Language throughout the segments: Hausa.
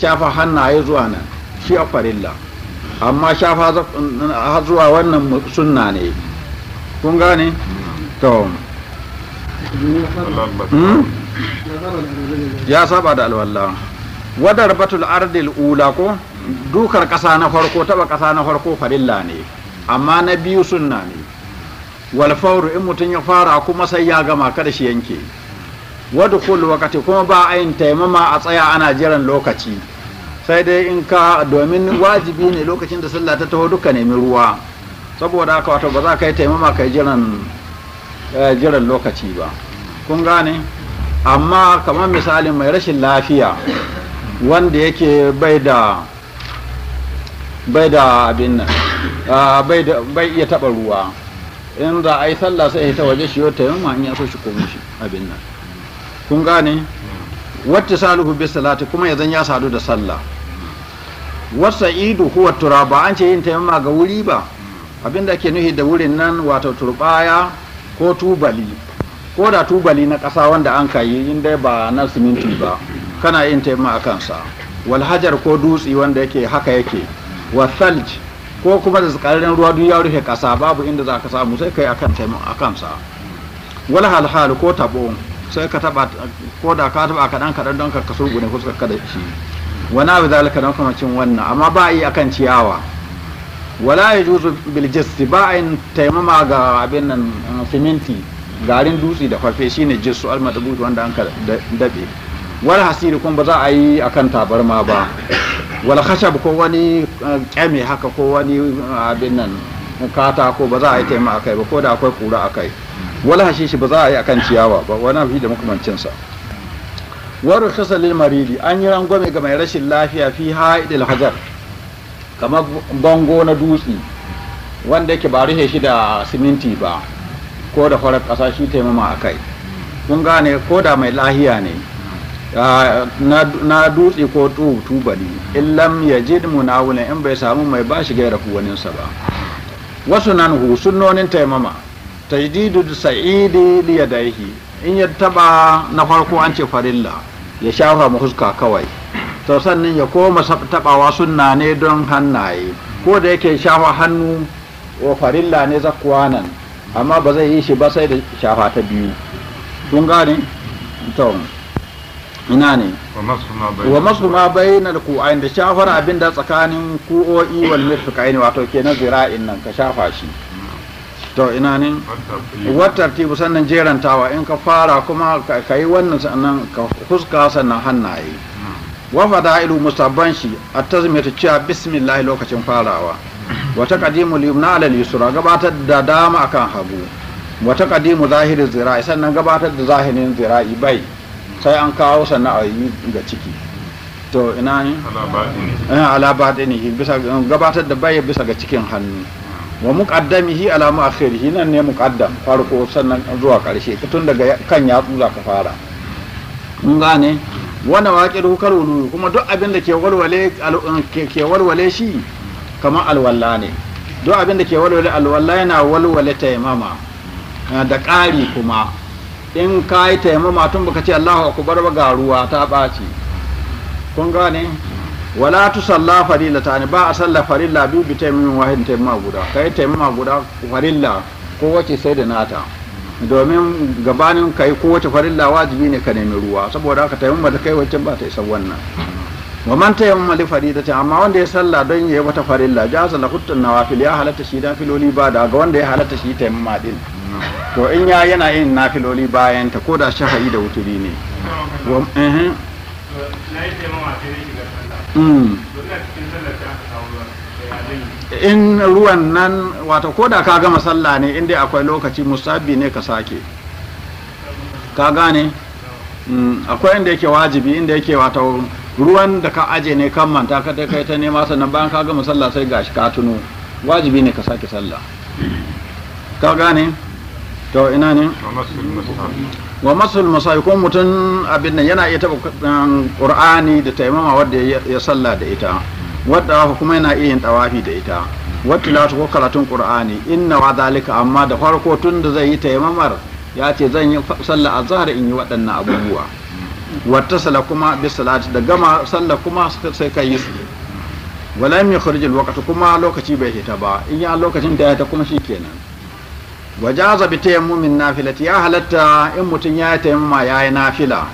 shafa hannaye zuwa nan shi a farilla amma shafa har zuwa wannan sunna ne kun gane to hmm? ya saba da alwallah wadar batul ardil ula ko dukar kasa na farko taba kasa na farko farilla ne amma na biyu sunna ne wal in mutum ya fara kuma sai ya gama kada shi yanke wadda kullu wakati kuma ba a yin taimama a tsaya ana jiran lokaci sai dai in ka domin wajibi ne lokacin da sallah ta taho duka nemi ruwa saboda haka wato ba za ka yi taimama ka yi jiran eh, lokaci ba kun gane amma kamar misalin mai rashin lafiya wanda yake bai da bai da abin nan ah, bai iya taɓa ruwa in za a yi sallah sai ya ta waje shi yau taimama in ya so shi komi abin nan kun gane wata saluhu bis salati kuma yanzu ya sadu da sallah wasa idu huwa turaba an ce yin taimama ga wuri ba abinda ke nuhi da wurin nan wato turbaya ko tubali ko da tubali na kasa wanda an kayi inda ba na siminti ba kana yin taimama a kansa walhajar ko dutsi wanda yake haka yake wa ko kuma da tsakarin ruwa duk ya rufe ƙasa babu inda za ka samu sai kai akan a kansa wal halhal ko tabo sai ka taba ko da ka taba kaɗan kaɗan don ka kaso gune ko ka da shi wani abu zalika don kuma cin wannan amma ba a yi akan ciyawa wala ya juzu jissi ba a yin taimama ga abin nan uh, siminti garin dutse da kwafe shine al almadabut wanda an ka dabe wal hasiri kuma ba za a yi akan tabarma ba wal khashab ko wani uh, kyame haka ko wani uh, abin nan katako ba za a yi taimama akai ba ko da akwai kura akai wala shi ba za a yi akan ciyawa ba wani abu da makamancin sa waru khasalil maridi an yi rangwame ga mai rashin lafiya fi haidil hajar kamar bango na dutse wanda yake ba rufe shi da siminti ba ko da farar ƙasa shi taimama a kai kun gane ko da mai lahiya ne na dutse ko tuba ne illam ya ji munawunan in bai samu mai ba shi gaira kuwaninsa ba wasu nan hu sunnonin taimama tajdidu sa'idi li yadayhi in ya taba na farko an ce farilla ya shafa mu huska kawai to sannan ya koma tabawa sunna ne don hannaye ko da yake shafa hannu wa farilla ne zakuwa nan amma ba zai yi shi ba sai da shafa ta biyu kun gane to ina ne wa masu ma bai na ku'ayin da shafar abin da tsakanin ku'o'i wal mirfiqaini wato kenan zira'in nan ka shafa shi to ina ne wattartibu sannan jerantawa in ka fara kuma ka yi wannan sannan ka huska sannan hannaye wa fada'ilu musabban shi at-tazmiyatu cewa bismillah lokacin farawa wa taqdimu al-yumna ala al-yusra gabatar da dama akan hagu wa taqdimu zahirin zira'i sannan gabatar da zahirin zira'i bai sai an kawo sannan a yi ga ciki to ina ne ala batinihi eh, bisa gabatar da bai bisa ga cikin hannu wa muqaddamihi ala mu'akhirihi nan ne muqaddam farko sannan zuwa karshe tun daga kan ya za ka fara mun gane wanda waƙir hukar wulu kuma duk abin da ke walwale ke walwale shi kama alwalla ne duk abin da ke walwale alwalla yana walwale taimama eh, da ƙari kuma in ka yi taimama tun baka ce Allahu akbar ba ga ruwa ta ɓaci kun gane wala tu salla ne ba a salla farilla biyu bi taimin taimama guda kai taimama guda farilla ko wace sai da nata domin gabanin kai yi kowace farilla wajibi ne ka nemi ruwa saboda ka taimama da kai wacce ba ta isa wannan wa man taimama li ta amma wanda ya salla don yayi wata farilla jaza la hutun nawafil ya halatta shi filoli ba da ga wanda ya halatta shi taimama din to in ya yana yin nafiloli bayan ta ko da shahayi da wuturi ne eh, eh. Mm. in ruwan nan wata koda ka gama sallah ne inda akwai lokaci musabbi ne ka sake ka gane mm. akwai inda yake wajibi inda yake wata ruwan da ka aje ne kan manta ka kai ta nema sannan bayan ka gama sallah sai gashi ka tuno wajibi ne ka sake sallah ka gane to ina ne wa masul musafi ko mutum abin nan yana iya taba qur'ani da taimama wanda ya salla da ita wadda kuma yana iya yin tawafi da ita wa tilatu ko karatun qur'ani inna wa zalika amma da farko tun da zai yi taimamar ya ce zan yi salla azhar in yi waɗannan abubuwa wata sala kuma bi salati da gama salla kuma sai ka yi su wala mi kharijul al kuma lokaci bai hita ba in ya lokacin da ya ta kuma shikenan Wa jaza bi tayammumin nafilati ya halatta in mutun ya tayammuma yayi nafila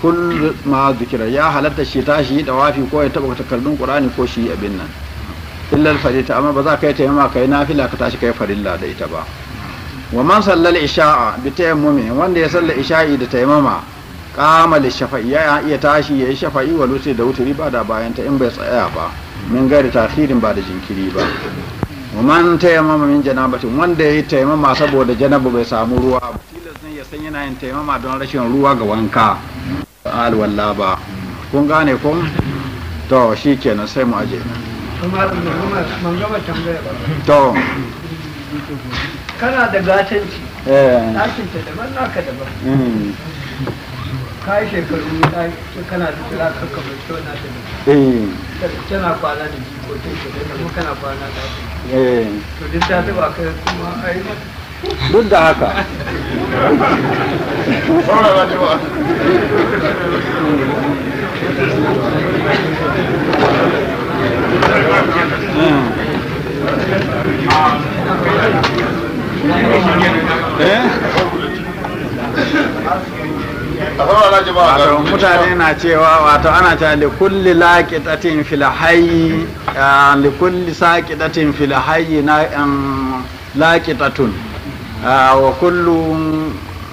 kun ma zikira ya halatta shi tashi da wafi ko ya taba takardun qur'ani ko shi abin nan illa al-farita amma ba za ka yi tayammuma kai nafila ka tashi kai farilla da ita ba wa man sallal isha'a bi tayammumi wanda ya salla isha'i da tayammuma qama li shafa'i ya iya tashi ya yi shafa'i wa lusi da wuturi ba da bayan in bai tsaya ba min gari tasirin ba da jinkiri ba man tayammama min janabatin wanda yi tayammama saboda janaba bai samu ruwa ba tilas ya san yana yin tayammama don rashin ruwa ga wanka al walla ba kun gane kun to shi shikenan sai mu aje to kana da gatanci eh daban naka daban hmm. ka yi shekaru ta kana da tura kanka mai kyau na ta eh. tana kwana da kana kwana da eh. to duk ta taba kai kuma ai duk da haka Eh? wato mutane na cewa wato ana cewa da kulli laƙitatin filhayi da kulli saƙitatin filhayi na laƙitatun wa kullu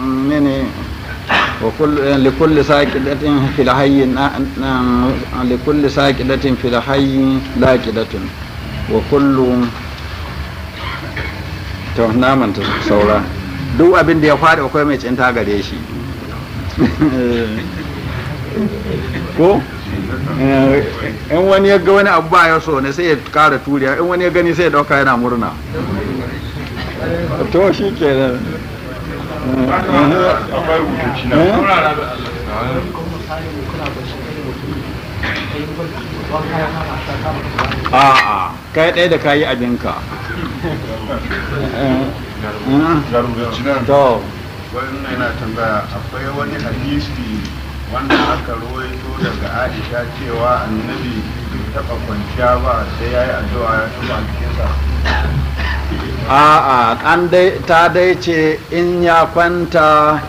mene wa kulli saƙidatin eh, filhayi li kulli saƙidatin filhayi laƙidatun wa kullu to naman ta saura duk abin da ya faɗi akwai mai cinta gare shi Eh. ko eh, in wani ya ga wani abu ba ya so ne sai ya kara turiya in wani ya gani sai ya dauka yana murna to shi ke nan eh. a'a kai ɗaya da kayi abinka to Wani yana tambaya akwai wani hadisi wanda aka rawaito daga aisha cewa annabi bai taɓa kwanciya ba sai ya yi addu'a ya tuba jikinsa a'a an dai ta dai ce in ya kwanta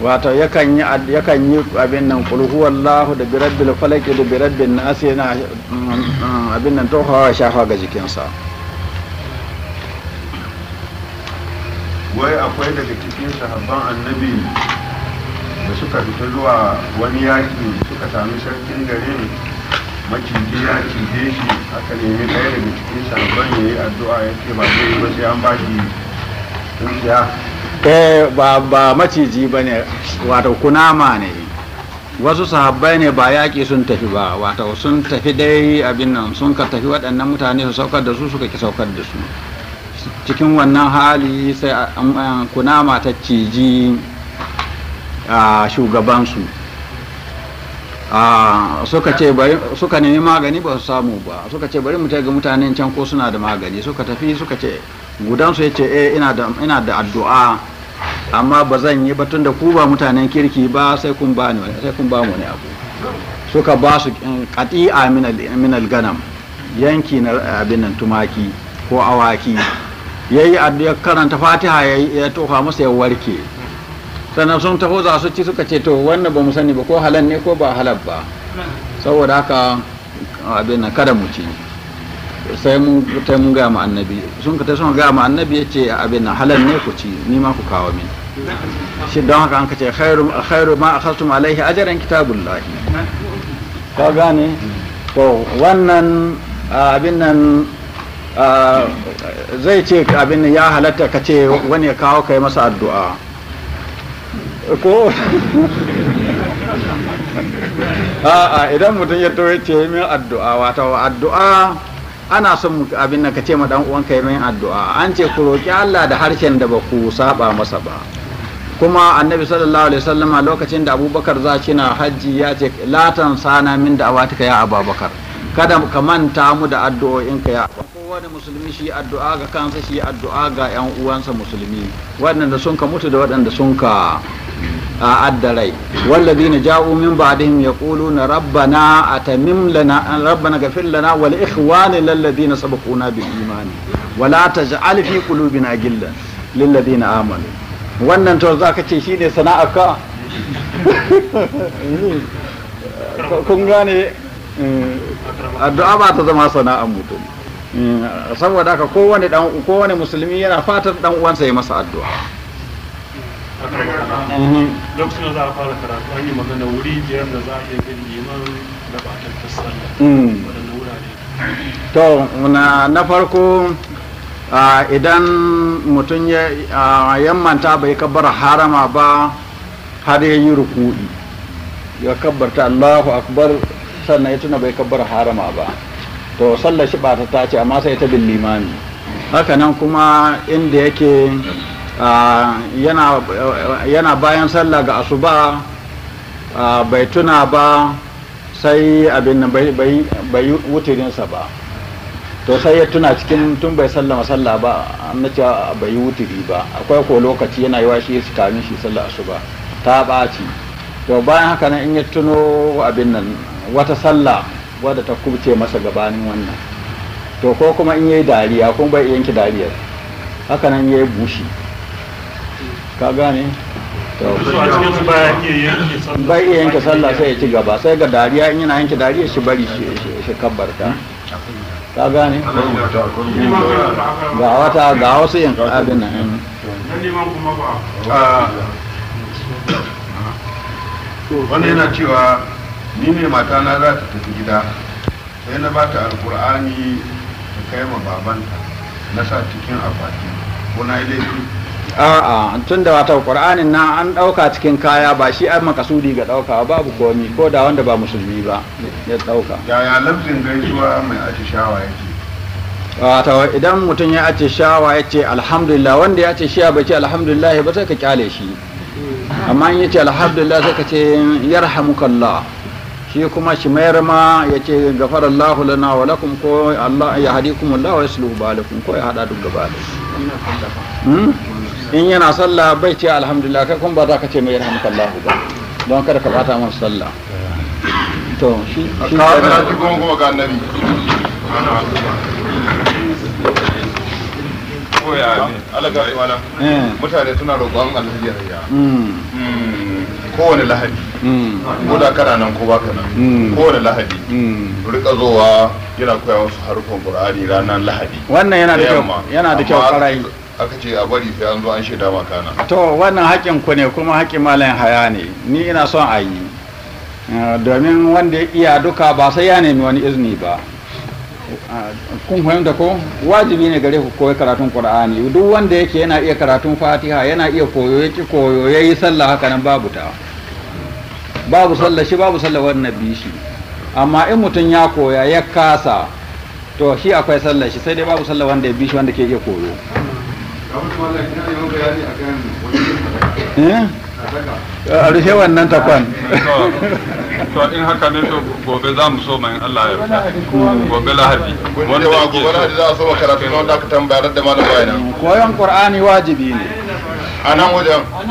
wato yakan yi yakan yi abin nan qul huwallahu da birabbil falaq da birabbin nas yana mm, mm, abin nan tohawa shafa ga jikinsa wai akwai daga cikin sahabban annabi da suka fita zuwa wani yaki suka sami sarkin garin maciji ya cije shi aka nemi ɗaya daga cikin sahabban ya yi addu'a ya ce ba zai yi ba sai an ba shi eh ba ba maciji ba ne wato kunama ne wasu sahabbai ne ba yaƙi sun tafi ba wato sun tafi dai abin nan sun ka tafi waɗannan mutane su saukar da su suka ki saukar da su cikin wannan hali sai kunama ta ciji a shugabansu suka ce bari suka nemi magani ba su samu ba suka ce bari mu ga mutanen can ko suna da magani suka tafi suka ce gudansu ya ce eh ina da addu'a amma ba zan yi ba tunda ku ba mutanen kirki ba sai kun ba mu ne abu suka ba su kati'a eh, min ganam yanki na abin nan tumaki ko awaki ya yi ya karanta fatiha ya tofa masa ya warke sannan sun taho za su ci suka ce to wannan ba mu sani ba ko halal ne ko ba halal ba saboda haka abin na kada mu ci sai mun ta mun ga annabi sun ka ta sun ga ma annabi yace abin na halal ne ku ci ni ma ku kawo min shi don haka an ka ce khairu khairu ma akhadtum alaihi ajran kitabullahi ka gane to wannan abin nan zai ce abin ya halatta ka ce wani ya kawo kai masa addu'a ko a idan mutum ya to ce min addu'a wa addu'a ana son abin da ka ce ma dan yi min addu'a an ce ku roƙi Allah da harshen da ba ku saba masa ba kuma annabi sallallahu alaihi sallama lokacin da abubakar za shi na hajji ya ce latan sana min da awatika ya ababakar kada ka manta mu da addu'o'inka ya ababakar kowane musulmi shi addu'a ga kansa shi addu'a ga yan uwansa musulmi waɗanda sun ka mutu da waɗanda sun ka a addarai walladina ja'u min ba'dihim yaquluna rabbana atamim lana an rabbana ghfir lana wal ikhwani alladhina sabaquna bil iman wa la taj'al fi qulubina gillan lil ladina amanu wannan to zaka ce shine sana'a ka kun gane eh, addu'a ba ta zama sana'a mutum Eh, saboda haka kowane dan kowane musulmi yana fatar dan uwansa ya masa addu'a mm-hmm. mm. to na farko idan mutum ya yammanta bai kabbar harama ba har ya yi rukudi. ya kabbarta Allahu akbar sannan ya tuna bai kabbar harama ba to sallar shi ba ta ce amma sai ta bin limami Hakanan kuma inda yake yana bayan sallah ga asuba bai tuna ba sai abin nan bai wutirinsa ba to sai ya tuna cikin tun bai sallama sallah ba na ce bai yi wutiri ba akwai ko lokaci yana yi shi su kamin shi sallar asuba ta ɓaci to bayan haka nan in ya tuno abin nan wata sallah wadda ta kubce masa gabanin wannan to ko kuma in yayi dariya kuma bai yanki dariyar haka nan yayi bushi ka gane bai iya yanke sallah sai ya ci gaba sai ga dariya in yana yanki dariya shi bari shi kabbarta ka gane ga wata ga wasu yin abin nan wani yana cewa ni ne matana za ta tafi gida sai na ba ta alkur'ani ta kai ma babanta na sa cikin akwati ko na yi laifi a'a tun da wata qur'anin na an ɗauka cikin kaya ba shi an makasudi ga ɗauka babu komi ko da wanda ba musulmi ba ya ɗauka yaya lafzin gaisuwa mai atishawa yake wata idan mutum ya ce shawa ya ce alhamdulillah wanda ya ce shiya bai ce alhamdulillah ba sai ka kyale shi amma in ya ce alhamdulillah sai ka ce yarhamukallah shi kuma shi mayar ma ya ce gafara Allah lana wa lakum ko Allah ya hadi hadikum Allah wa yasluhu balakum ko ya hada duk gaba da hmm? in yana sallah bai ce alhamdulillah kai kun ba za ka ce mai rahmaka Allah ba don kada ka bata masa sallah to shi shi ka ga shi gongo ga annabi ya ne alaga wala eh. mutane suna roƙon alhaji ya kowane lahadi hmm. ko da kana nan ko baka nan hmm. kowane lahadi hmm. rika zowa yana koya wasu harkon qur'ani ranar lahadi wannan yana da kyau yana da kyau karai aka ce a bari sai an zo an sheda maka na to wannan haƙin ku ne kuma haƙin malayin haya ne ni ina son a yi eh, domin wanda ya iya duka ba sai ya nemi wani izini ba kun fahimta ko wajibi ne gare ku koyi karatun qur'ani duk wanda yake yana iya karatun fatiha yana iya koyo yake koyo yayi sallah haka nan babu ta babu sallah shi babu sallah wannan nabi shi amma in mutum ya koya ya kasa to shi akwai sallah shi sai dai babu sallah wanda ya bi shi wanda ke iya koyo eh a rushe wannan takwan to in haka ne to gobe za mu so mai Allah ya yarda gobe lahadi wanda wa gobe lahadi za a so karatu na wanda aka tambayar da malam bayana koyon qur'ani wajibi ne a nan wajen